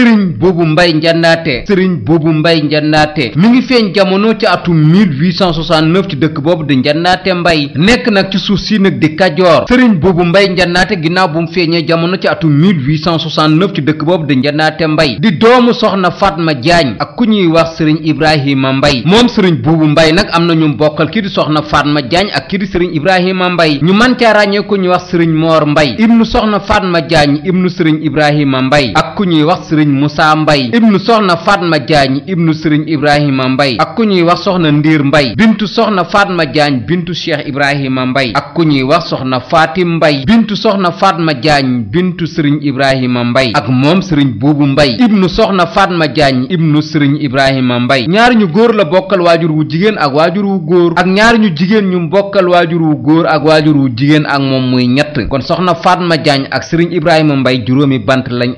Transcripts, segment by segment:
sëriñ boobu mbay njannaate sëriñ boobu mbay njannaate mi ngi feeñ jamono ci atum 1869 ci dëkk boobu di njannaate mbay nekk nag ci suuf si nag di kajoor sëriñ boobu mbay njannaate ginnaaw bu mu feeñee jamono ci atum 1869 ci dëkk boobu di njannaate mbay di doomu soxna Fatma Jaañ ak ku ñuy wax sëriñ Ibrahima Mbay moom sëriñ boobu mbay nag am na ñu bokkal kii di soxna Fatma Jaañ ak kii di sëriñ Ibrahima Mbay ñu man caa ràññee ku ñuy wax sëriñ Moor Mbay ibnu soxna Fatma Jaañ ibnu sëriñ Ibrahima Mbay ak ku ñuy wax sëriñ sëriñ Moussa Mbay ibnu soxna Fatma Diagne ibnu sëriñ Ibrahima Mbay ak ku ñuy wax soxna Ndiir Mbay bintu soxna Fatma Diagne bintu Cheikh Ibrahima Mbay ak ku ñuy wax soxna Fatim Mbay bintu soxna Fatma Diagne bintu sëriñ Ibrahima Mbay ak moom sëriñ Buubu Mbay ibnu soxna Fatma Diagne ibnu sëriñ Ibrahima Mbay ñaar ñu góor la bokkal waajur wu jigéen ak waajur wu góor ak ñaar ñu jigéen ñu bokkal waajur wu góor ak waajur wu jigéen ak moom muy ñett kon soxna Fatma Diagne ak sëriñ Ibrahima Mbay juróomi bant lañ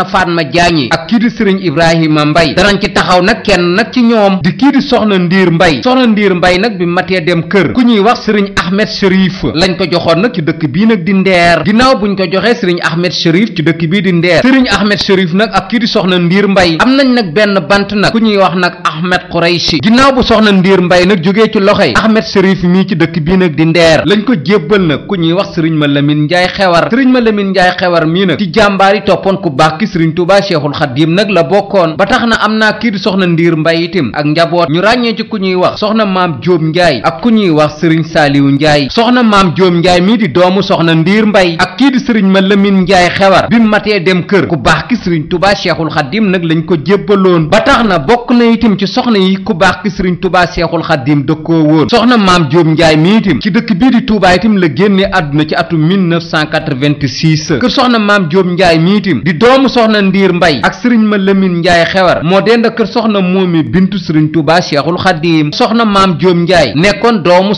soxna Fatma Diagne ak kii di sëriñ Ibrahima Mbaye danañ ci taxaw nag kenn nag ci ñoom di kii di soxna Ndiir Mbaye soxna Ndiir mbay nag bi matee dem kër ku ñuy wax sëriñ Ahmed Chérif lañ ko joxoon nag ci dëkk bii nag di Ndeer ginnaaw buñ ko joxee sëriñ Ahmed Chérif ci dëkk bii di Ndeer sëriñ Ahmed Chérif nag ak kii di soxna Ndiir Mbaye am nañ nag benn bant nag ku ñuy wax nag Ahmed Khouraychi ginnaaw bu soxna Ndiir Mbaye nag jógee ci loxoy Ahmed Chérif mii ci dëkk bii nag di Ndeer lañ ko jébbal nag ku ñuy wax sëriñ ma Lamine Njaay xewar sëriñ ma Lamine Njaay xewar mii nag ci jàmbaar yi toppoon ku baax ki sëriñ Tuuba Seexul Xadiim nag la bokkoon ba tax na am naa kii di soxna Ndiir Mbay itam ak njaboot ñu ràññee ci ku ñuy wax soxna maam Jóob Njaay ak ku ñuy wax sëriñ Saaliwu Njaay soxna maam Jóob Njaay mii di doomu soxna Ndiir Mbay ak kii di sëriñ ma Lamin Njaay xewar bi matee dem kër ku baax ki sëriñ Tuuba Seexul Xadiim nag lañ ko jébbaloon ba tax na bokk na itam ci soxna yi ku baax ki sëriñ Tuuba Seexul Xadiim dëkkoo woon soxna maam Jóob Njaay mii itam ci dëkk bii di Tuuba itam la génne àdduna ci atum 1986 kër soxna maam Jóob Njaay mii itam di doomu soxna ndiir mbay ak sëriñ ma lëmin njaay xewar moo dend kër soxna moomi bintu sëriñ tubaa seexul xadiim soxna maam jóom njaay nekkoon doomu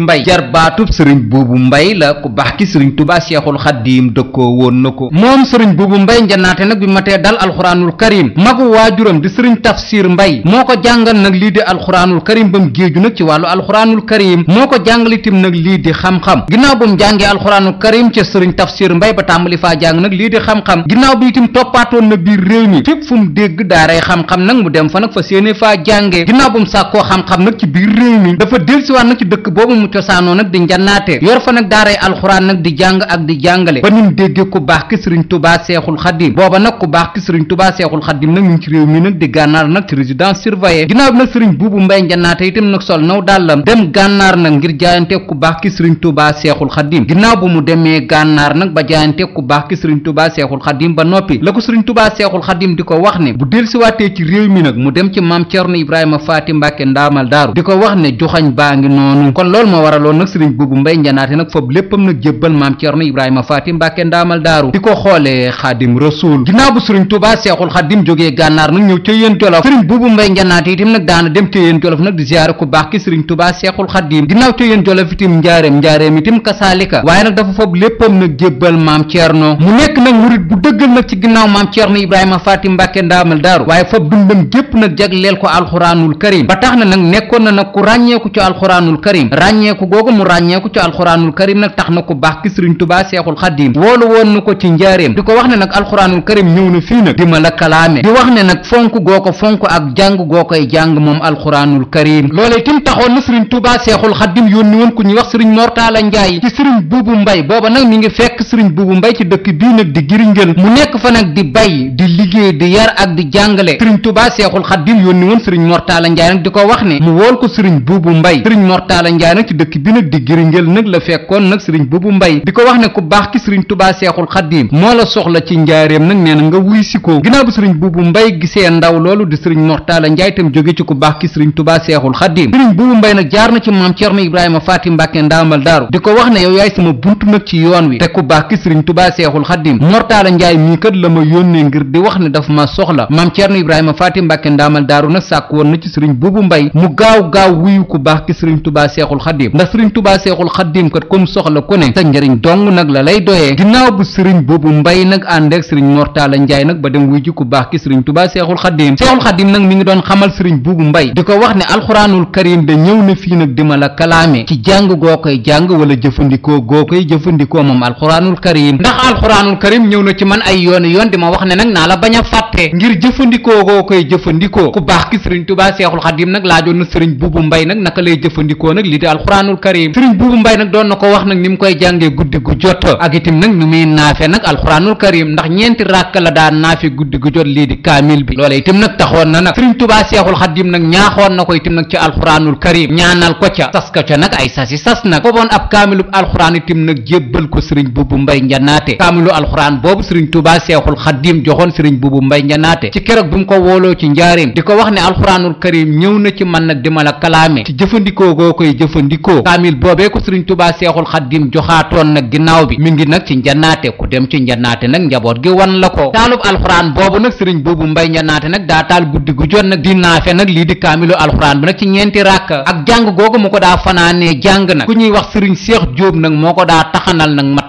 mbay jarbaatub sëriñ buubu mbay la ku bax ki sëriñ tubaa seexul xadiim dëkkoo woon na ko moom sëriñ buubu mbay njanaate nag bi matee dal alxuraanul karim magu waajuram di sëriñ tafsir mbay moo ko jàngal nag lii di alxuraanul karim ba mu géeju nag ci wàllu alxuraanul karim moo ko jàngal itam nag lii di xam-xam ginnaaw bu mu jàngee alxuraanul karim ca sëriñ tafsir mbay ba tàmbali faa jàng nag lii di xam-xam ginnaaw bi itam toppaatoon na biir réew mi fépp fu mu dégg daaray xam-xam nag mu dem fa nag fa séene faa jànge ginnaaw bu mu sàkkoo xam-xam nag ci biir réew mi dafa dellusiwaat nag ci dëkk boobu mu cosaanoo nag di njannaate yor fa nag daaray alxuraan nag di jàng ak di jàngale ba nim déggee ku baax ki sëriñ tubaa seexul xadim booba nag ku baax sëriñ tubaa seexul xadim nag mu ngi ci réew mi nag di gànnaar nag ci résidence surveillée ginnaaw bi nag sëriñ buubu mbay njannaate itam nag sol naw dàllam dem gànnaar nag ngir jaayante ku baax ki sëriñ tubaa seexul xadim ginnaaw bu mu demee gànnaar nag ba jaayante ku baax ki sëriñ tubaa seexul xadim noppi la ko sëriñ tubaa seexul xadim di ko wax ne bu delsiwaatee ci réew mi nag mu dem ci maam Cerno Ibrahima Faati Mbàkke ndaamal daaru di ko wax ne joxañ baa ngi noonu kon loolu moo waraloon nag sëriñ buubu mbay njanaate nag foofu léppam nag jébbal maam Cerno Ibrahima Faati Mbàkke ndaamal daaru di ko xoolee xaadim rasuul ginnaaw bu sëriñ tubaa seexul xadim jógee gànnaar nag ñëw ca yéen jolof sëriñ buubu mbay njanaate itam nag daana dem ca yéen jolof nag mu nekk nag murit bu dëggal nag ci ginnaaw maam Thierno Ibrahima Faty Mbacke ndaamal daaru waaye fab dundam gépp nag jagleel ko alxuraanul karim ba tax na nag nekkoon na nag ku ràññeeku ci alxuraanul karim ràññeeku googu mu ràññeeku ci alxuraanul karim nag tax na ku baax ki sëriñ tubaa seexul xaddiim woolu woon na ko ci njaareem di ko wax ne nag alxuraanul karim ñëw na fii nag di ma la kalaame di wax ne nag fonk goo ko fonk ak jàng goo koy jàng moom alxuraanul karim loolee tim taxoon na sëriñ tubaa seexul xaddiim yónni woon ku ñuy wax sëriñ mortaala njaay ci sëriñ buubu mbay booba nag mi ngi fekk sëriñ buubu mbay ci dëkk bii nag di giringel nekk fa nag di bay di liggéey di yar ak di jàngale sëriñ tubaa seexul xaddim yónni woon sëriñ mortaala njaay nag di ko wax ne mu wool ko sëriñ buubu mbay sëriñ mortaala njaay nag ci dëkk bi nag di giringel nag la fekkoon nag sëriñ buubu mbay di ko wax ne ku baax ki sëriñ tubaa seexul xaddim moo la soxla ci njaareem nag nee na nga wuy si ko ginnaaw bi sëriñ buubu mbay gisee ndaw loolu di sëriñ mortaala njaay tam jóge ci ku baax ki sëriñ tubaa seexul xa sëriñ mbay nag jaar na ci maam ceerno ibrahima faati mbàkke ndaamal daaru di ko wax ne yow yaay sama buntu nag ci yoon wi te ku baax ki sëriñ tubaa seexul xaddim kat la ma yónnee ngir di wax ne dafa ma soxla maam Thierno Ibrahima Fatim Mbàkke ndaamal daaru nag sàkk woon na ci sëriñ buubu mbay mu gaaw gaaw wuyu ku baax ki sëriñ tubaa seexul xaddiim ndax sëriñ tubaa seexul xaddiim kat comme soxla ku ne sa njëriñ dong nag la lay doyee ginnaaw bu sëriñ buubu mbay nag ànd ak sëriñ mortaala njaay nag ba dem wuy ji ku baax ki sëriñ tubaa seexul xaddiim seexul mi ngi doon xamal sëriñ bu mbay di ko wax ne alxuraanul karim da ñëw na fii nag di ma la kalaame ci jàng goo koy jàng wala jëfandikoo goo koy jëfandikoo moom alxuraanul karim ndax alxuraanul karim ñëw na ci man ay yoon yoonu yoon di ma wax ne nag naa la bañ a fàtte ngir jëfandikoo goo koy jëfandikoo ku baax ki sëriñ tubaa seexul xadim nag laajoon na sëriñ buubu mbay nag naka lay jëfandikoo nag li di alxuraanul karim sëriñ buubu mbay nag doon na ko wax nag ni mu koy jàngee guddi gu jot ak itam nag nu muy naafe nag alxuraanul karim ndax ñeenti ràkk la daan naafe guddi gu jot lii di kaamil bi loola itam nag taxoon na nag sëriñ tubaa seexul xadim nag ñaaxoon na ko itam nag ci alxuraanul karim ñaanal ko ca ko ca nag ay sasi sas nag fooboon ab kaamilub alxuraan itam nag jébbal ko sëriñ buubu mbay njanaate kaamilu alxuraan boobu sëriñ tubaa la seexul xaddiim joxoon sëriñ buubu mbay ñanaate ci keroog bi mu ko wooloo ci njaareem di ko wax ne alxuraanul karim ñëw na ci man nag di ma kalaame ci jëfandikoo goo koy jëfandikoo kaamil boobee ko sëriñ tubaa seexul xaddiim joxaatoon nag ginnaaw bi mi ngi nag ci njanaate ku dem ci njanaate nag njaboot gi wan la ko taalub alxuraan boobu nag sëriñ buubu mbay ñanaate nag daa taal guddi gu jot nag di naafe nag lii di kaamilu alxuraan bi nag ci ñeenti ràkk ak jàng googu mu ko daa fanaanee jàng nag ku ñuy wax sëriñ seex jóob nag moo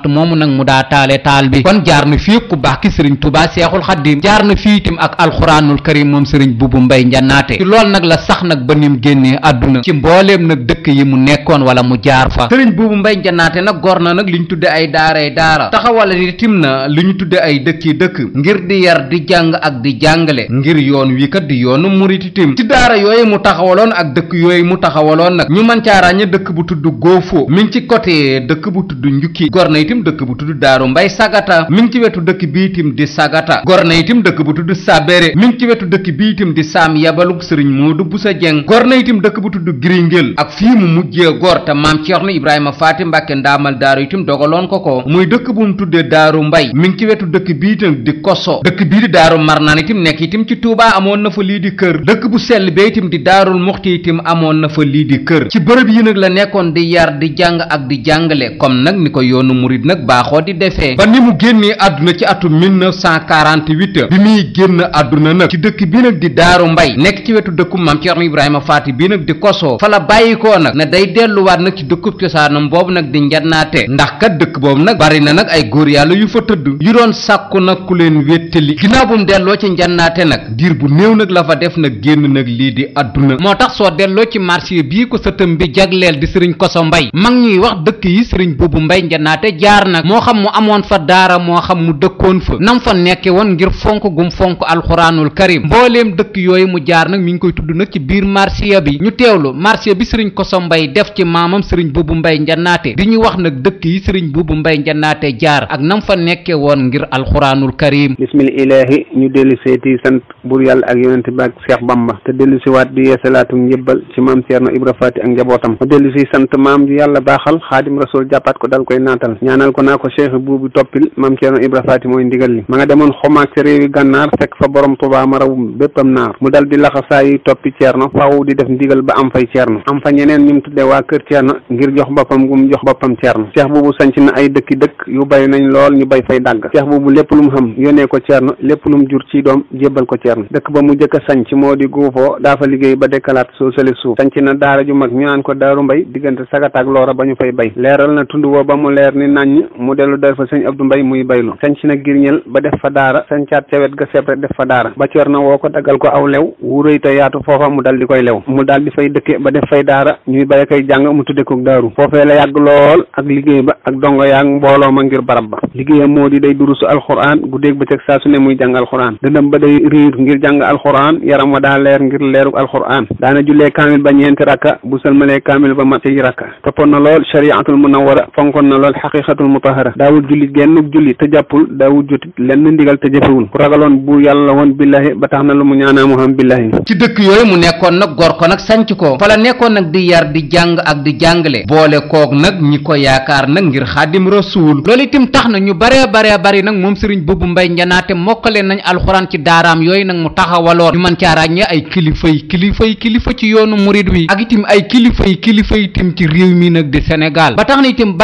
waxtu moomu nag mu daa taale taal bi kon jaar na fii ku baax ki sëriñ tubaa seexul xaddim jaar na fii itam ak alxuraanul karim moom sëriñ bubu mbay njanaate ci lool nag la sax nag ba nim génnee àdduna ci mbooleem nag dëkk yi mu nekkoon wala mu jaar fa sëriñ bubu mbay njanaate nag gor na nag li ñu tudde ay daaray daara taxawala itim na li ñu tudde ay dëkki dëkk ngir di yar di jàng ak di jàngale ngir yoon wi kat di yoonu murit itim ci daara yooyu mu taxawaloon ak dëkk yooyu mu taxawaloon nag ñu mën caa ràññe dëkk bu tudd góofoo mi ci côté dëkk bu tudd njukki itim dëkk bu tudd daaru mbay sagata mi ngi ci wetu dëkk bi itim di sagata gor na itim dëkk bu tudd sabere mi ngi ci wetu dëkk bi itim di saam yabalug sëriñ moodu sa jeng gor na itim dëkk bu tudd giringel ak fii mu mujjee gor te maam ceerno ibrahima faati mbàkke ndaamal daaru itim dogaloon ko ko muy dëkk bu mu tuddee daaru mbay mi ngi ci wetu dëkk bi itim di koso dëkk bii di daaru marnaan itim nekk itim ci tuubaa amoon na fa lii di kër dëkk bu sell ba itim di daarul muxti itim amoon na lii di kër ci bërëb yi nag la nekkoon di yar di jàng ak di nag baaxoo di defee ba ni mu génnee àdduna ci atum 1948 bi muy génn àdduna nag ci dëkk bi nag di daaru mbay nekk ci wetu dëkku maam Cerno Ibrahima Faati bi nag di kosoo fa la bàyyikoo nag ne day delluwaat nag ci dëkkub cosaanam boobu nag di njannaate ndax kat dëkk boobu nag bari na nag ay góor yàlla yu fa tëdd yu doon sàkku nag ku leen wéttali ginnaaw bu mu delloo ci njannaate nag diir bu néew nag la fa def nag génn nag lii di àdduna moo tax soo delloo ci marché bii ko sëtëm bi jagleel di sëriñ koso mbay mag ñuy wax dëkk yi sëriñ boobu mbay njannaate jaar nag moo xam mu amoon fa daara moo xam mu dëkkoon fa nam fa nekke woon ngir fonk gum fonk alxuraanul karim mbooleem dëkk yooyu mu jaar nag mi ngi koy tudd nag ci biir marsiya bi ñu teewlu marsiya bi sëriñ koso mbay def ci maamam sëriñ buubu mbay njannaate di ñu wax nag dëkk yi sëriñ buubu mbay njannaate jaar ak nam fa nekke woon ngir alxuraanul karim bismillahi ñu dellu sant bur yàlla ak yonente bi ak Cheikh Bamba te dellu si waat di yeesalaatu njëbbal ci maam Ceerno Ibra Faati ak njabootam dellu si sant maam ju yàlla baaxal xaadim rasul jàppaat ko dal koy naatal ñaan ñaanal ko naa ko cheikh buubu toppil mam Ceerno Ibra Faati mooy ndigal li ma nga demoon xomaak ci réewi gànnaar fekk fa borom Tuubaa ma rawum béppam naar mu dal di laxa saa yi toppi di def ndigal ba am fay Ceerno am fa ñeneen ñu mu tuddee waa kër Ceerno ngir jox boppam gum jox boppam Ceerno cheikh buubu sanc na ay dëkki dëkk yu bay nañ lool ñu bay fay dàgg cheikh buubu lépp lu mu xam yónnee ko ceer Ceerno lépp lu mu jur ci doom jébbal ko Ceerno dëkk ba mu jëkk a sanc moo di daa fa liggéey ba dekkalaat soo sale suuf sanc na daara ju mag ñu ko daaru mbay diggante sagataak loora ba ñu fay bay meññ mu dellu dal fa sëñ Abdou Mbay muy baylu sañ si na girñel ba def fa daara sañcaat ca wet ga sebre def fa daara ba coor na woo ko dagal ko aw lew wu yaatu foofa mu dal di koy lew mu dal di fay dëkke ba def fay daara ñuy bay koy jàng mu tudde ko daaru foofee la yàgg lool ak liggéey ba ak dongo yaag mbooloo ma ngir barab ba liggéeyam moo di day durusu alxuraan guddeeg bëccëg saa su ne muy jàng alxuraan dëndam ba day riir ngir jàng alxuraan yaram wa daa leer ngir leeruk alxuraan daana jullee kaamil ba ñeenti rakka bu sëlmalee kaamil ba mat yi rakka toppoon na lool shariatul munawara fonkoon xatul mutahara daawul julli gennuk julli te jàppul daawul jotit lenn ndigal te ku ragaloon bu yàlla woon billahi ba tax na lu mu ñaanaa mu billahi ci dëkk yooyu mu nekkoon nag gor ko nag sanc ko fa la nekkoon nag di yar di jàng ak di jàngale boole kook nag ñi ko yaakaar nag ngir xaadim rasuul loolu itam tax na ñu baree baree bari nag moom sëriñ bubu mbay njanaate mokkale nañ alxuraan ci daaraam yooyu nag mu taxawaloon ñu man caa ràññee ay kilifa yi kilifa yi kilifa ci yoonu murid wi ak itam ay kilifa kilifa yi mi na itam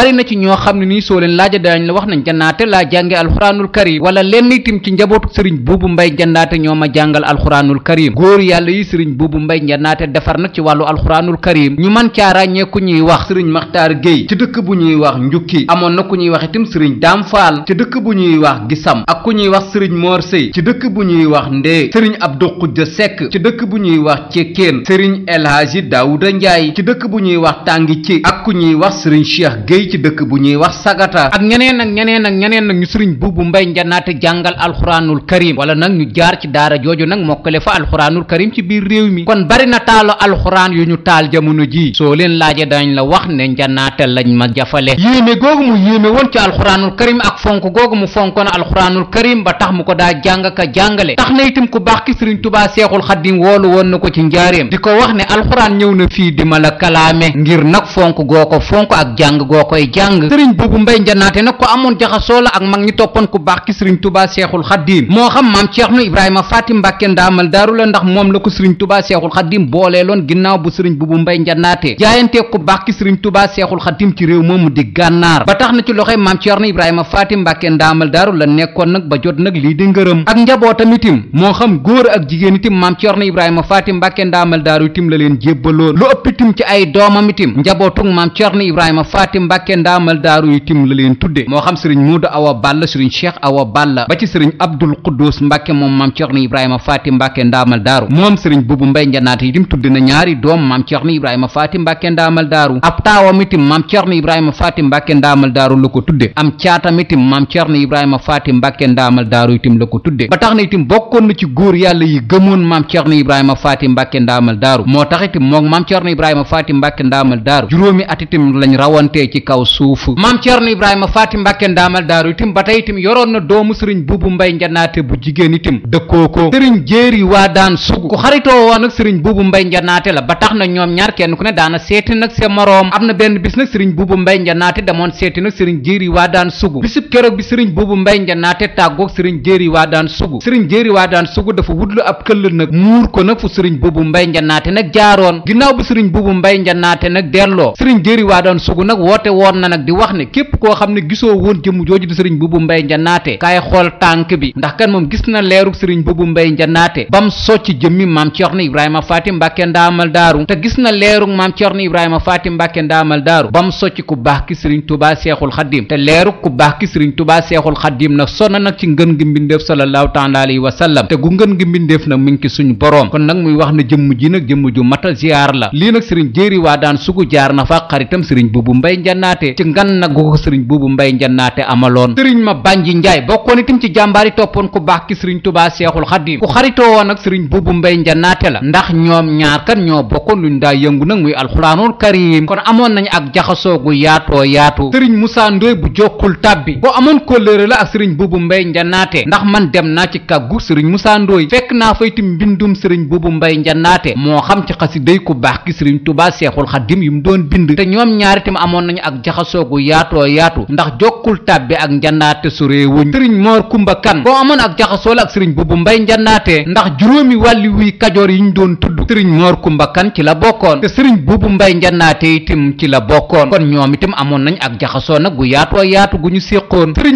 nii soo leen laaja daañ la wax na njannaate laa jànge alxuraanul karim wala lenn itam ci njabootu sëriñ buubu mbay njannaate ñoo ma jàngal alxuraanul karim góor yàlla yi sëriñ buubu mbay njannaate defar na ci wàllu alxuraanul karim ñu man caa ràññee ku ñuy wax sëriñ maxtaar géy ci dëkk bu ñuy wax njukki amoon na ku ñuy wax itam sëriñ daam faal ci dëkk bu ñuy wax gisam ak ku ñuy wax sëriñ moor sëy ci dëkk bu ñuy wax ndee sëriñ abdu xujja sekk ci dëkk bu ñuy wax cekkeen sëriñ elhaaji daawuda njaay ci dëkk bu ñuy wax tàngi ci ak ku ñuy wax sëriñ cheikh sagata ak ñeneen ak ñeneen ak ñeneen nag ñu sëriñ buubu mbay njanaate jàngal alxuraanul karim wala nag ñu jaar ci daara jooju nag mokkale fa alxuraanul karim ci biir réew mi kon bari na taalo alxuraan yu ñu taal jamono ji soo leen laaje dañ la wax ne njanaate lañ ma jafale yéeme googu mu yéeme woon ci alxuraanul karim ak fonk googu mu fonkoon alxuraanul karim ba tax mu ko daa jàng ka jàngale tax na itam ku baax ki sëriñ tubaa seexul xaddim woolu woon na ko ci njaareem di ko wax ne alxuraan ñëw na fii di ma la kalaame ngir nag fonk goo ko fonk ak jàng goo bu mbay njanaate nag ko amoon jaxasoo la ak mag ñi toppoon ku baax ki sëriñ tubaa seexul xaddiim moo xam maam ceerno ibrahima faati mbàkke ndaamal daaru la ndax moom la ko sëriñ tubaa seexul xaddiim booleeloon ginnaaw bu sëriñ bu bu mbay njanaate jaayantee ku baax ki sëriñ tubaa seexul xaddiim ci réew moomu di gànnaar ba tax na ci loxoy maam ceerno ibrahima faati mbàkke ndaamal daaru la nekkoon nag ba jot nag lii di ngërëm ak njabootam itim moo xam góor ak jigéen itim maam ceerno ibrahima faati mbàkke ndaamal daaru itim la leen jébbaloon lu ëpp itim ci ay doomam itim njabootug maam ceerno ibrahima faati mbàkke ndaamal daaru tim la leen tudde moo xam sëriñ Muudu Awa Balla sëriñ Cheikh Awa Balla ba ci sëriñ Abdul Quddus Mbàkke moom maam Ceerno Ibrahima Faati Mbàkke ndaamal daaru moom sëriñ bubu mbay njanaate yitim tudde na ñaari doom maam Ceerno Ibrahima Faati Mbàkke ndaamal daaru ab taawam itim maam Ceerno Ibrahima Faati Mbàkke ndaamal daaru la ko tudde am caatam itim maam Ceerno Ibrahima Faati Mbàkke ndaamal daaru itim la ko tudde ba tax na itim bokkoon na ci goor yàlla yi gëmoon maam Ceerno Ibrahima Faati Mbàkke ndaamal daaru moo tax itim moom maam Ceerno Ibrahima Faati Mbàkke ndaamal daaru juróomi at itim lañ rawantee ci kaw suuf maam Ceerno ceerno ibrahima faati mbàkke ndaamal daaru itam ba tey itam yoroon na doomu sëriñ buubu mbay njanaate bu jigéen itam dëkkoo ko sëriñ jéeri daan sugu ku xaritoo woon nag sëriñ buubu mbay njanaate la ba tax na ñoom ñaar kenn ku ne daana seeti nag sa moroom am na benn bis nag sëriñ buubu mbay njanaate damoon seeti nag sëriñ jéeri waa daan sugu bisub keroog bi sëriñ buubu mbay njanaate tàggoog sëriñ jéeri waa daan sugu sëriñ jéeri waa daan sugu dafa wutlu ab këll nag muur ko nag fu sëriñ buubu mbay njanaate nag jaaroon ginnaaw bi sëriñ buubu mbay njanaate nag delloo sëriñ jéeri waa daan sugu nag woote woon na nag képp koo xam ne gisoo woon jëmm jooju di sëriñ buubu mbay njanaate kaay xool tànk bi ndax kan moom gis na leerug sëriñ buubu mbay ba bam socc jëmmi maam Cerno Ibrahima Faati Mbàkke ndaamal daaru te gis na leerug maam Cerno Ibrahima Faati Mbàkke ndaamal daaru bam socc ku baax ki sëriñ tubaa Seexul Xaddiim te leerug ku baax ki sëriñ Tuubaa Seexul Xaddiim nag sonna nag ci ngën gi mbindeef sallallahu taala alayhi wa sallam te gu ngën gi mbindeef nag mu ngi ci suñu kon nag muy wax ne jëmm ji nag jëmm ju mata ziyaar la lii nag sëriñ waa daan sugu jaar na fa xaritam sëriñ buubu mbay njanaate ci ngan nag ko sëriñ buubu mbay njannaate amaloon sëriñ ma bànji njaay bokkoon itam ci jàmbaar yi toppoon ku baax ki sëriñ tubaa seexul xadim ku xaritoo woon ak sëriñ buubu mbay njannaate la ndax ñoom ñaar kan ñoo bokkoon luñ daa yëngu nag muy alxuraanul karim kon amoon nañu ak jaxasoo gu yaatoo yaatu sëriñ musaa ndooy bu la ak sëriñ buubu mbay njannaate ndax man dem naa ci kàggu sëriñ musaa ndooy naa fa itam mbindum sëriñ buubu mbay njannaate moo xam ci xasiday ku baax ki sëriñ tubaa seexul xadim yu mu doon bind te ñoom ñaar itam amoon nañu ak jaxasoo gu yaatoo jaxasoo yaatu ndax jokkul tàbbi ak njannaate soree wuñ sëriñ moor kumba kan koo amoon ak jaxasoo la ak sëriñ bubu mbay njannaatee ndax juróomi wàlli wuy kajoor yi ñu doon tudd sëriñ moor kumba kan ci la bokkoon te sëriñ bubu mbay njannaatee itam ci la bokkoon kon ñoom itam amoon nañ ak jaxasoo nag gu yaatoo yaatu gu ñu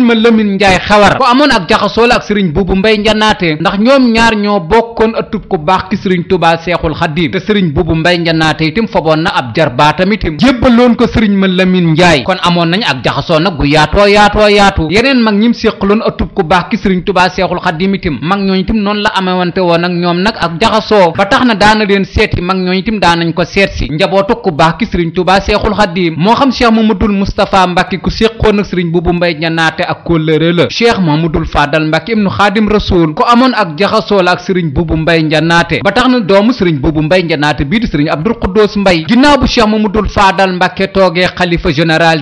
ma lëmin njaay xawar amoon ak jaxasoo la ak sëriñ bubu mbay njannaatee ndax ñoom ñaar ñoo bokkoon ëttub ku baax ki sëriñ tubaa seexul xadiim te sëriñ bubu mbay njannaate itam foboon na ab jarbaatam itam jébbaloon ko sëriñ ma lëmin njaay kon amoon nañ ak jaxasoo nag gu yaatoo yaatoo yaatu yeneen mag ñim séqaloon ëttub ku baax ki sëriñ tubaa seexul xadim itam mag ñooñu itam noonu la amewante woon ak ñoom nag ak jaxasoo ba tax na daana leen seeti mag ñooñu itam daanañ ko seet si njabootu ku baax ki sëriñ tubaa seexul xadim moo xam cheikh mamadul moustapha mbàkke ku séqoon ak sëriñ bubu mbay ñanaate ak kóllëre la cheikh mamadul fadal mbàkke ibnu xaadim rasul ko amoon ak jaxasoo la ak sëriñ ba tax na doomu sëriñ bubu mbay ñanaate bii di sëriñ abdul xuddoos mbay ginnaaw bu cheikh mamadul fadal mbàkke toogee xalifa général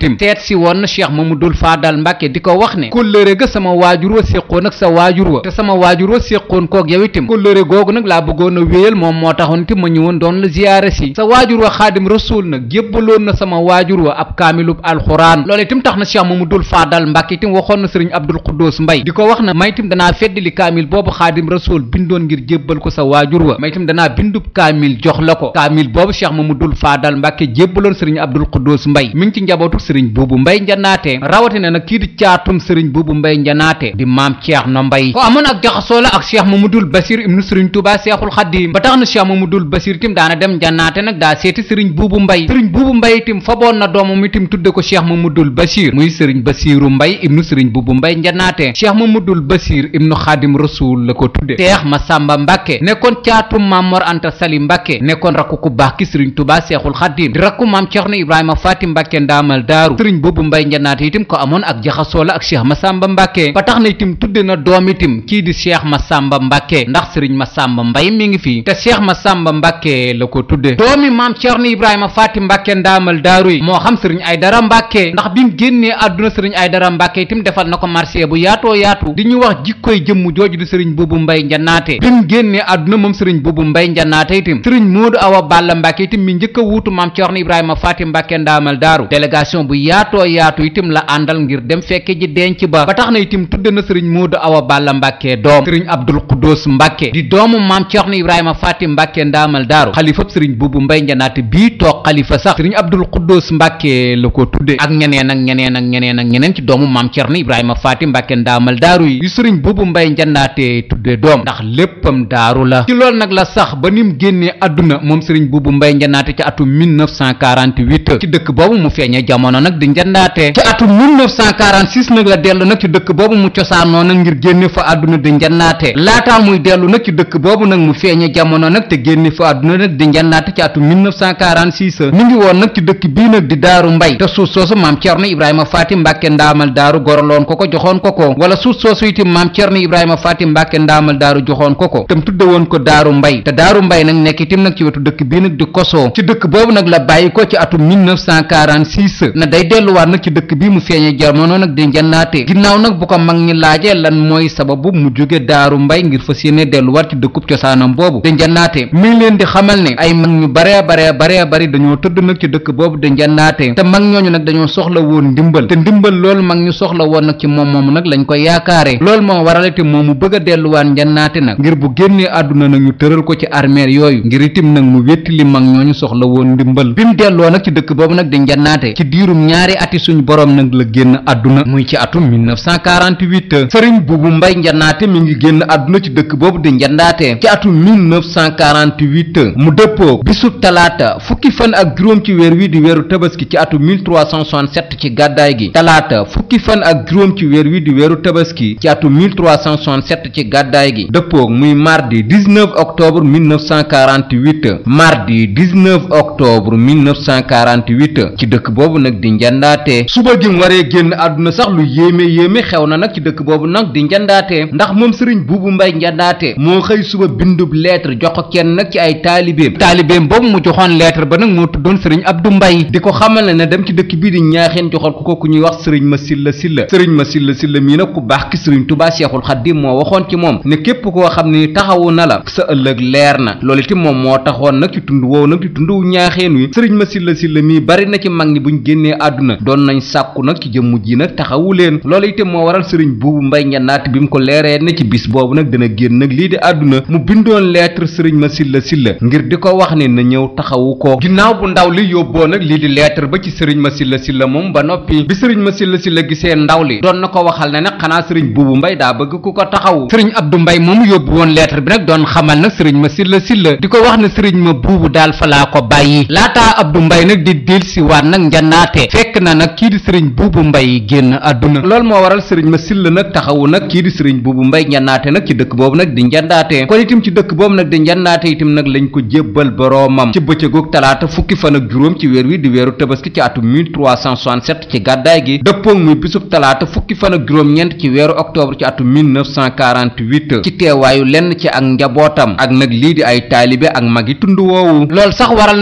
itim teet si woon ma mu mamadul faadal mbàkke di ko wax ne kóllëre ga sama waajur wa séqoon ak sa waajur wa te sama waajur wa séqoon koog yow itim kóllëre googu nag laa bëggoon a wéyal moom moo tax taxoon itim ma ñëwoon doon la ziyaare si sa waajur wa xaadim rasul nag jébbaloon na sama waajur wa ab kaamilub alxuraan loolu itim tax na cheikh mamadul faadal mbàkke itim waxoon na sëriñ abdul xuddoos mbay di ko wax na may itim dana feddili kaamil boobu xaadim rasul bindoon ngir jébbal ko sa waajur wa may itim danaa bindub kaamil jox la ko kaamil boobu cheikh mamadul faadal mbàkke jébbaloon sëriñ abdul xuddoos mbay mi ngi ci njabootu sëriñ buubu mbay njanaate rawatina nag kii di caatum sëriñ buubu mbay njanaate di maam Ceerno Mbay ko amoon ak jaxasoo la ak cheikh mamadul basir ibnu sëriñ tuba seexul xadim ba tax na cheikh mamadul basir tim daana dem njanaate nag daa seeti sëriñ buubu mbay sëriñ buubu mbay tim faboon na doomam itim tudde ko cheikh mamadul basir muy sëriñ basiru mbay ibnu sëriñ buubu mbay njanaate cheikh mamadul basir ibnu xadim rasul la ko tudde seex masamba mbàkke nekkoon caatum mamor anta sali mbàkke nekkoon rakku ku baax ki sëriñ tuba seexul xadim di rakku maam daaru sëriñ boobu mbay njanaate itam ko amoon ak jaxasoo la ak cheikh masamba mbàkke ba tax na itam tudde na doom itam kii di cheikh masamba mbàkke ndax sëriñ masamba mbay mi ngi fii te cheikh masamba mbàkke la ko tudde doomi maam ceerno ibrahima faati mbàkke ndaamal daaru yi moo xam sëriñ aydara mbàkke ndax bi mu génnee àdduna sëriñ aydara mbàkke itam defal na ko marché bu yaatoo yaatu di ñu wax jikkoy jëmm jooju di sëriñ boobu mbay njanaate bi mu génnee àdduna moom sëriñ boobu mbay njanaate itam sëriñ moodu awa balla mbàkke itam mi njëkk a bu yaatoo yaatu itam la àndal ngir dem fekke ji denc ba ba tax na itam tudde na sëriñ Moodu Awa Balla Mbàkke doom sëriñ Abdul Xudoos Mbàkke di doomu maam Ceerno Ibrahima Faati Mbàkke ndaamal daaru xalifab sëriñ Buubu Mbay Njanaate bii toog xalifa sax sëriñ la ko tudde ak ñeneen ak ñeneen ak ñeneen ak ñeneen sëriñ Buubu Mbay Njanaate tudde doom ndax léppam daaru la ci lool nag la sax ba nim génnee àdduna moom sëriñ Buubu Mbay Njanaate ci atum ci dëkk cosaanoo nag di njandaatee ci atum 1946 nag la dellu nag ci dëkk boobu mu cosaanoo nag ngir génne fa àdduna di njandaatee laataa muy dellu nag ci dëkk boobu nag mu feeñe jamono nag te génne fa àdduna di njandaate ci atum 1946 mi ngi woon nag ci dëkk bii nag di daaru mbay te suuf soosu maam Cerno Ibrahima Faati mbakke ndaamal daaru goroloon ko ko joxoon ko ko wala suuf soosu itam maam Cerno Ibrahima Faati Mbàkke ndaamal daaru joxoon ko ko tam woon ko daaru mbay daaru mbay nag nekk itam nag ci wetu dëkk bii nag di kosoo dëkk boobu nag la bàyyi ko ci atum 1946 na day delluwaat nag ci dëkk bi mu feeñee jamono nag di njannaate ginnaaw nag bu ko mag ñi laajee lan mooy sababu mu jóge daaru mbay ngir fas yéene delluwaat ci dëkkub cosaanam boobu di njannaate mi ngi leen di xamal ne ay mag ñu baree baree baree bari dañoo tëdd nag ci dëkk boobu di njannaate te mag ñooñu nag dañoo soxla woon ndimbal te ndimbal loolu mag ñu soxla woon nag ci moom moomu nag lañ ko yaakaare loolu moo warale te mu bëgg a delluwaat njannaate nag ngir bu génnee àdduna nag ñu tëral ko ci armeer yooyu ngir itim nag mu wétti li mag ñooñu soxla woon ndimbal bi mu delloo nag ci dëkk boobu nag di njannaate atum ñaari ati suñu borom nag la génn àdduna muy ci atum 1948 sëriñ buubu mbay njandaate mi ngi génn àdduna ci dëkk boobu di njandaate ci atum 1948 mu dëppoo bisub talaata fukki fan ak juróom ci weer wi di weeru tabaski ci atum 1367 ci gàddaay gi talaata fukki fan ak juróom ci weer wi di weeru tabaski ci atum 1367 ci gàddaay gi dëppoo muy mardi 19 octobre 1948 mardi 19 octobre 1948 ci dëkk boobu nag di njandaate suba gi mu waree génn àdduna sax lu yéeme yéeme xew na nag ci dëkk boobu nag di njandaate ndax moom sëriñ buubu mbay njandaate moo xëy suba bindub lettre jox ko kenn nag ci ay taalibeem taalibeem boobu mu joxoon lettre ba nag moo tuddoon sëriñ abdu mbay di ko xamal ne dem ci dëkk bii di ñaaxeen joxoon ko ko ku ñuy wax sëriñ ma silla silla sëriñ ma silla silla mii nag ku baax ki sëriñ tubaa seexul xaddim moo waxoon ci moom ne képp koo xam ne taxawu na la sa ëllëg leer na loolu itam moom moo taxoon na ci mag ñi génnee àdduna doon nañ sàkku nag ci jëmm ji nag taxawu leen loolu itam moo waral sëriñ buubu mbay ñanaat bi mu ko leeree ne ci bis boobu nag dana génn nag lii di àdduna mu bindoon lettre sëriñ ma silla silla ngir di ko wax ne na ñëw taxawu ko ginnaaw bu ndaw li yóbboo nag lii di lettre ba ci sëriñ ma silla silla moom ba noppi bi sëriñ ma silla silla gisee ndaw li doon na ko waxal ne nag xanaa sëriñ buubu mbay daa bëgg ku ko taxawu sëriñ abdu mbay moomu yóbbu woon lettre bi nag doon xamal nag sëriñ ma silla silla di ko wax ne sëriñ ma buubu daal fa laa ko bàyyi laataa abdu mbay nag di dil nag njanaate Mbàkke fekk na nag kii di sëriñ buubu mbay génn àdduna loolu moo waral sëriñ ma silla nag taxawu nag kii di sëriñ buubu mbay njannaate nag ci dëkk boobu nag di njandaate kon itam ci dëkk boobu nag di njandaate itam nag lañ ko jébbal boroomam ci bëccëgoog talaata fukki fan juróom ci weer wi di weeru tabaski ci atum ci gàddaay gi dëppoog muy bisub talaata fukki fan juróom-ñeent ci weeru octobre ci atum ci teewaayu lenn ci ak njabootam ak nag lii di ay taalibe na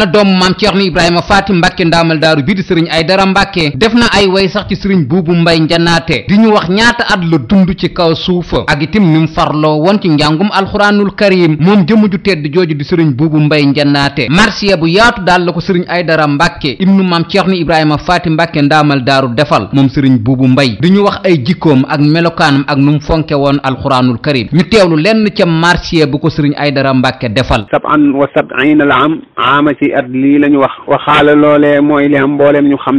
doomu maam Ceerno Ibrahima Faati Mbàkke ndaamal daaru bii di sëriñ dara mbàkke def na ay way sax ci sëriñ buubu mbay njanaate di ñu wax ñaata at la dund ci kaw suufa ak itim ni mu farloo woon ci njàngum alxuraanul karim moom jëmm ju tedd jooju di sëriñ buubu mbay njanaate marsiya bu yaatu daal la ko sëriñ ay dara mbàkke ibnu maam ceerno ibrahima faati mbàkke ndaamal daaru defal moom sëriñ buubu mbay di ñu wax ay jikkoom ak melokaanam ak nu mu fonke woon alxuraanul karim ñu teewlu lenn ca marsiya bu ko sëriñ ay dara mbàkke defal sab'an wa sab'iina wax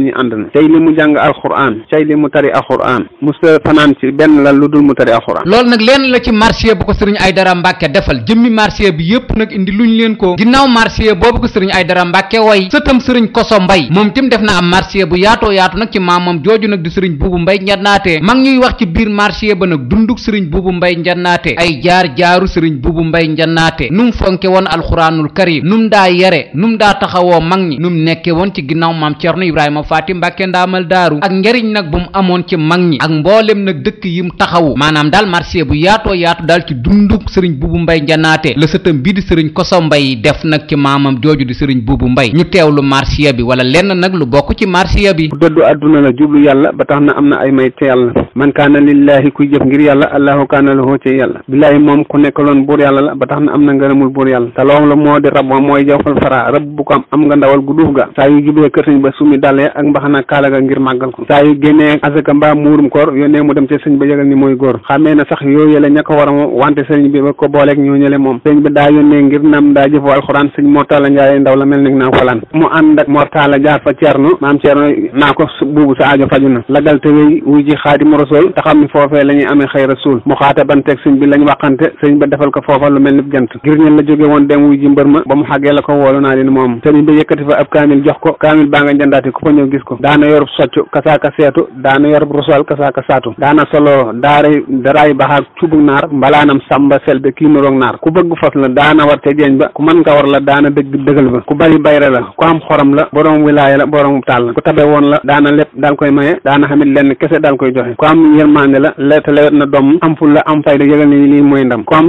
xam ni ànd na tey li mu jàng alxuraan tey li mu tari alxuraan musta fanaan benn la lu dul mu tari alxuraan loolu nag leen la ci marché bu ko sëriñ Aydara Mbàkke defal jëmmi marché bi yépp nag indi luñ leen ko ginnaaw marché boobu ko sëriñ Aydara Mbàkke way sëtam sëriñ Koso Mbay moom tim def na am marché bu yaatoo yaatu nag ci maamam jooju nag di sëriñ Buubu Mbay njannaatee mag ñuy wax ci biir marché ba nag dunduk sëriñ Buubu Mbay njannaate ay jaar jaaru sëriñ Buubu Mbay njannaate num fonke woon alxuraanul karim num daa yare num daa taxawoo mag ñi num nekke woon ci ginnaaw maam Cerno faati mbàkke ndaamal daaru ak njariñ nag bu mu amoon ci mag ñi ak mboolem nag dëkk yi mu taxawu maanaam daal marché bu yaatoo yaatu daal ci dundu sëriñ buubu mbay njanaate la sëtam bii di sëriñ koso mbay def nag ci maamam jooju di sëriñ bu mbay ñu lu marché bi wala lenn nag lu bokk ci marché bi ku dëddu àdduna la jublu yàlla ba tax na am na ay may ca yàlla man kaana lillaahi kuy jëf ngir yàlla allahu kaana lahu ci yàlla billaahi moom ku nekkaloon buur yàlla la ba tax na am na ngërëmul buur yàlla te loolu moo di am ga saa ak mbaxana kaalaga ngir màggal ko saa yu génnee asaka mbaa muurum koor yónnee mu dem ca sëñ ba yëgal ni mooy góor xamee na sax yooyu yële ña ko war a wante sëñ bi ba ko booleeg ñoo ñële moom sëñ bi mel ni mu ànd mu xaata banteeg sëñ bi lañ waxante sëñ ba defal ko foofa lu mel ni jant ngir ñeen la jóge woon dem wuy mbër ma ba mu xàggee la ko woolu naa moom sëñ bi yëkkati fa ab kaamil jox ko kaamil baa nga jëndaati ku fa ñëw gis ko daana yorub soccu kasaaka seetu daana yorub rusal kasaaka saatu daana solo daaray daraay baxaak cubug naar mbalaanam sàmba selbe kii nuroog naar ku bëgg fas la daana war ca jeeñ ba ku mën nga war la daana dëgg dëgal ba ku bari bayre la ku am xorom la boroom wilaaya la boroom taal la ku tabe woon la daana lépp daal koy maye daana xamit lenn kese daal koy joxe ku am yërmande la leete lewet na doom am ful la am fayda yëgal ni lii mooy ndam ku am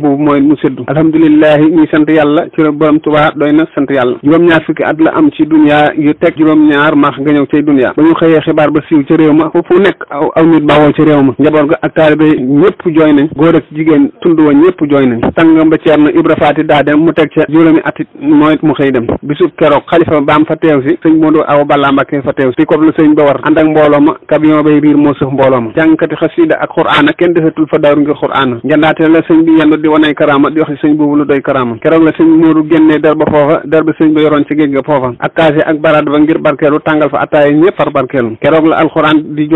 boobu mooy mu seddu alhamdulilahi ñuy sant yàlla ci borom tubaa doy na sant yàlla juróom-ñaar fukki at la am ci duniya yu teg juróom-ñaar maax nga ñëw cay duniya ba ñu xëyee xibaar ba siiw ca réew ma fu nekk aw aw nit bawoo ca réew ma njaboot ga ak taalibe ñëpp jooy nañ góor ak jigéen tund wa ñëpp jooy nañ sàngam ba ceerno ibra faati daa dem mu teg ca juróomi atit mooy mu xëy dem bisub keroog xalifa baam fa teew si sëñ Moodu aw ba war ànd ak mbooloo ma kabiyon bay riir moo sëf mbooloo ma jàngkati xasida ak xuraan kenn defatul fa wan ay karaama di wax ci sëñ boobu lu doy karaama keroog la sëñ Moodu génnee der ba foofa der ba sëñ ba yoroon ci géej ga foofa keroog la alxuraan di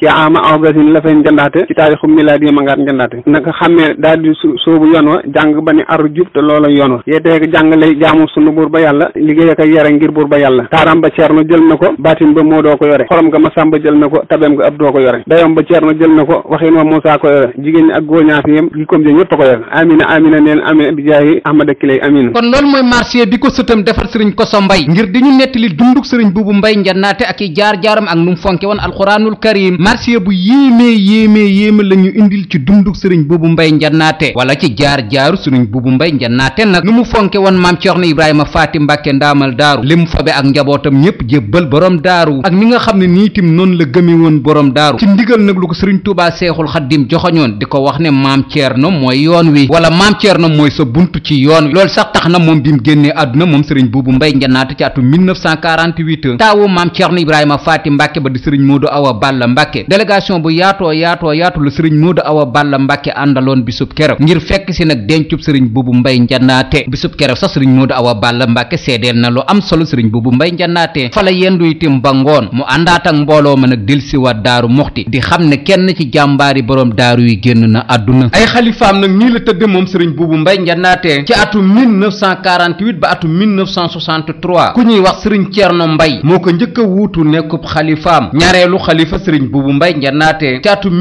ci ama awgasin la fay njëndaate ci taarixu milaadi xàmmee ne daal yoon wa jàng ba ni aru jub te loola yoon wa yeeteek jàng lay jaamu sunu buur ba yàlla liggéey ak yare ngir buur ba yàlla taaram ba ceerno jël na ko baatin ba moo doo ko yore xorom nga masamba jël na ko tabem nga ab doo ko yore dayom ba ceerno jël na ko waxin wa Muusaa ko yore jigéen ñi ak góoñaafiyam gi comme jëñ ñëpp a ko yore amina amina neen amina bi jaayi ahmada kilay amina kon loolu mooy marché bi ko sëtam defal sëriñ Kosso Mbaye mbay njannaate njannaate wala ci jaar-jaaru sëriñ buubu mbay njannaate nag nu mu fonke woon maam Cerno Ibrahima Faati Mbàkke ndaamal daaru li mu ak njabootam ñépp jébbal borom daaru ak ni nga xam ne nii itam la gëme woon borom daaru ci ndigal nag lu ko sëriñ Tuubaa Seexul Xaddim joxoñoon di ko wax ne maam Cerno mooy yoon wi wala maam Cerno mooy sa bunt ci yoon wi loolu sax tax na moom bi mu génnee àdduna moom sëriñ buubu mbay njannaate ci atu 1948 taawu ba di sëriñ Moodu Awa Balla Mbàkke délégation bu bisub keroog ngir fekk si nag dencub sëriñ buubu mbay njannaate bisub keroog sax sëriñ moodu awa balla mbàkke seedeel na lu am solo sëriñ buubu mbay njannaate fa la yendu itim ba ngoon mu àndaat ak mbooloo ma nag delsiwaat daaru muxti di xam ne kenn ci jàmbaari boroom daaru yi génn na àdduna ay xalifaam nag nii la tëdde moom sëriñ buubu mbay njannaate ci atum ba atum ku ñuy wax sëriñ ceerno mbay moo ko njëkk a wuutu nekkub xalifaam ñaareelu xalifa sëriñ buubu mbay njannaate ci atum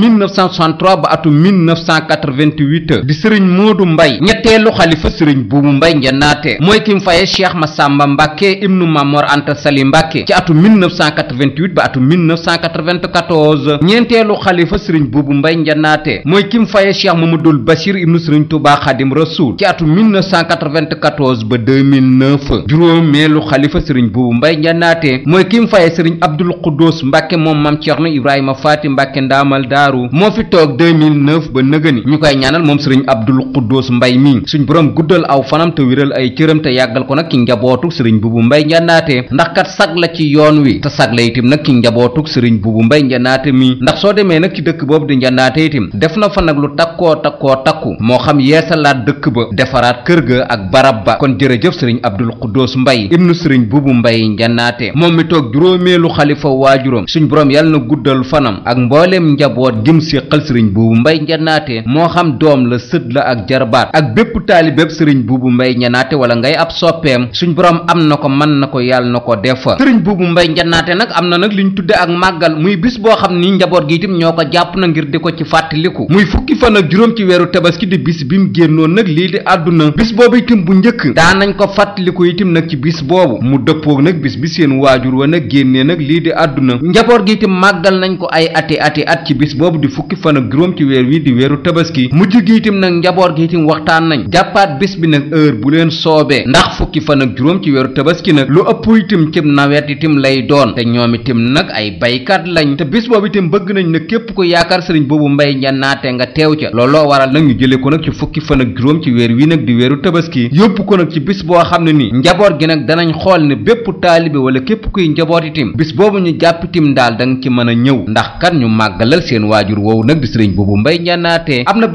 28 heures di sëriñ Modou Mbaye ñetteelu xalifa sëriñ buubu Mbaye njanaate mooy kim faye Cheikh Massamba Mbacke ibnu Mamor Anta Sali Mbacke ci atu 1988 ba atu 1994 ñeenteelu xalifa sëriñ buubu Mbaye njanaate mooy kim faye Cheikh Mamadou Bachir ibnu sëriñ Touba Khadim Rasoul ci atu 1994 ba 2009 juróomeelu xalifa sëriñ buubu Mbaye njanaate mooy kim faye sëriñ Abdoul Khoudous Mbacke moom mam Thierno Ibrahima Faty Mbacke ndaamal daaru moo fi toog 2009 ba nëgëni ñu koy ñaanal moom sëriñ Abdul Quddus Mbay mi suñ boroom guddal aw fanam te wéral ay cëram te yàggal ko nag ki njabootu sëriñ Buubu Mbay Njanaate ndax kat sag la ci yoon wi te sag la itam ki njabootu sëriñ Buubu Mbay Njanaate mi ndax soo demee nak ci dëkk boobu di Njanaate itam def na fa nag lu takkoo takkoo takku moo xam yeesalaat dëkk ba defaraat kër ga ak barab ba kon jërëjëf sëriñ Abdul Quddus Mbay ibnu sëriñ Buubu Mbay Njanaate moom mi toog juróomeelu xalifa waa waajuram suñu boroom yàlla na guddal fanam ak mbooleem njaboot gim séqal sëriñ Buubu Mbay Njanaate xam doom la sët la ak jarbaat ak bépp taalibeb sëriñ buubu mbay ñanaate wala ngay ab soppeem suñ borom am na ko mën na ko yàlla na ko def sëriñ buubu mbay ñanaate nag am na nag liñ tudde ak màggal muy bis boo xam ni njaboot gi itam ñoo ko jàpp na ngir di ko ci fàttaliku muy fukki fan ak juróom ci weeru tabaski di bis bi mu génnoon nag lii di àdduna bis boobu itam bu njëkk daanañ ko fàttaliku itam nag ci bis boobu mu dëppoog nag bis bi seen waajur wa nag génnee nag lii di àdduna njaboot gi itam màggal nañ ko ay ati ati at ci bis boobu di fukki fan ak juróom ci mujj gi itam nag njaboot gi itam waxtaan nañ jàppaat bés bi nag heure bu leen soobee ndax fukki fan ak juróom ci weeru tabaski nag lu ëpp itam cib nawet itam lay doon te ñoom itam nag ay baykat lañ te bés boobu itam bëgg nañ ne képp ko yaakaar sëriñ boobu mbay njanaate nga teew ca looloo waral nag ñu jëlee ko nag ci fukki fan ak juróom ci weer wi nag di weeru tabaski yóbbu ko nag ci bis boo xam ne ni njaboot gi nag danañ xool ne bépp taalibe wala képp kuy njaboot itim bis boobu ñu jàpp itim daal danga ci mën a ñëw ndax kat ñu màggalal seen waajur woowu nag di boobu mbay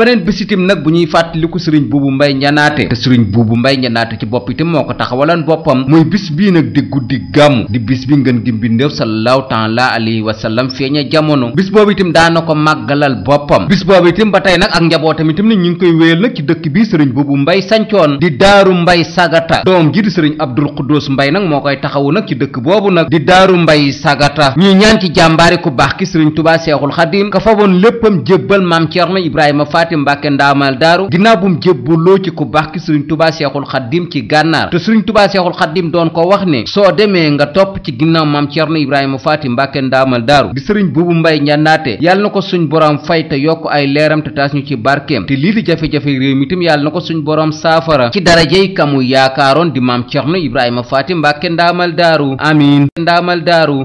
beneen bés itam nag bu ñuy fàttaliku sëriñ buubu mbay ñanaate te sëriñ buubu mbay ñanaate ci bopp itam moo ko taxawalan boppam muy bis bii nag di guddi gàmm di bis bi ngeen gi mbindeef sallallahu taala alayhi wa sallam feeña jamono bis boobu itam daana ko màggalal boppam bis boobu itam ba tey nag ak njabootam itam ne ñu ngi koy wéyal nag ci dëkk bi sëriñ buubu mbay sancoon di daaru mbay sagata doom ji di sëriñ abdul xuddoos mbay nag moo koy taxawu nag ci dëkk boobu nag di daaru mbay sagata ñuy ñaan ci jàmbaari ku baax ki sëriñ mbàkke ndaamal daaru ginnaaw bu mu jébbaloo ci ku baax ki sëriñ tubaa seexul xaddim ci gànnaar te sëriñ tubaa seexul xaddim doon ko wax ne soo demee nga topp ci ginnaaw maam ceerno ibrahima faati mbàkke ndaamal daaru di sëriñ buubu mbay ñannaate yàlla na ko suñ boroom fay te yokk ay leeram te taas ñu ci barkeem te lii di jafe-jafe réew mi itam yàlla na ko suñ boroom saafara ci darajey kamu yaakaaroon di maam ceerno ibrahima faati mbàkke ndaamal daaru